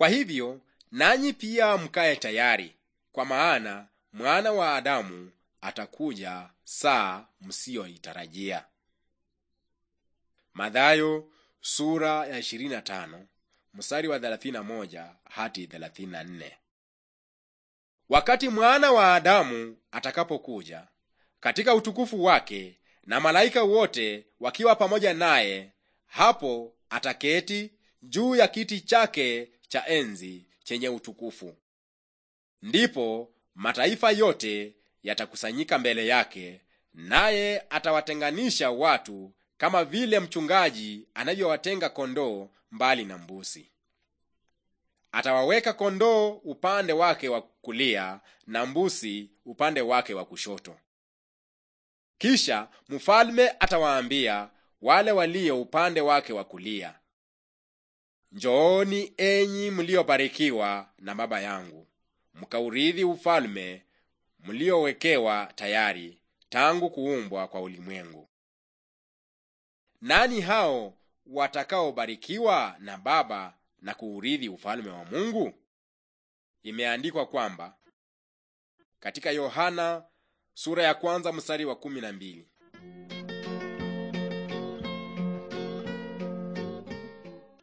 Kwa hivyo nanyi pia mkaye tayari, kwa maana Mwana wa Adamu atakuja saa msiyoitarajia. sura ya 25 wa 31 34. Wakati Mwana wa Adamu atakapokuja katika utukufu wake na malaika wote wakiwa pamoja naye, hapo ataketi juu ya kiti chake cha enzi chenye utukufu. Ndipo mataifa yote yatakusanyika mbele yake, naye atawatenganisha watu kama vile mchungaji anavyowatenga kondoo mbali na mbusi. Atawaweka kondoo upande wake wa kulia na mbusi upande wake wa kushoto. Kisha mfalme atawaambia wale walio upande wake wa kulia, Njooni enyi mliobarikiwa na Baba yangu, mkaurithi ufalme mliowekewa tayari tangu kuumbwa kwa ulimwengu. Nani hao watakaobarikiwa na Baba na kuurithi ufalme wa Mungu? Imeandikwa kwamba katika Yohana sura ya kwanza mstari wa kumi na mbili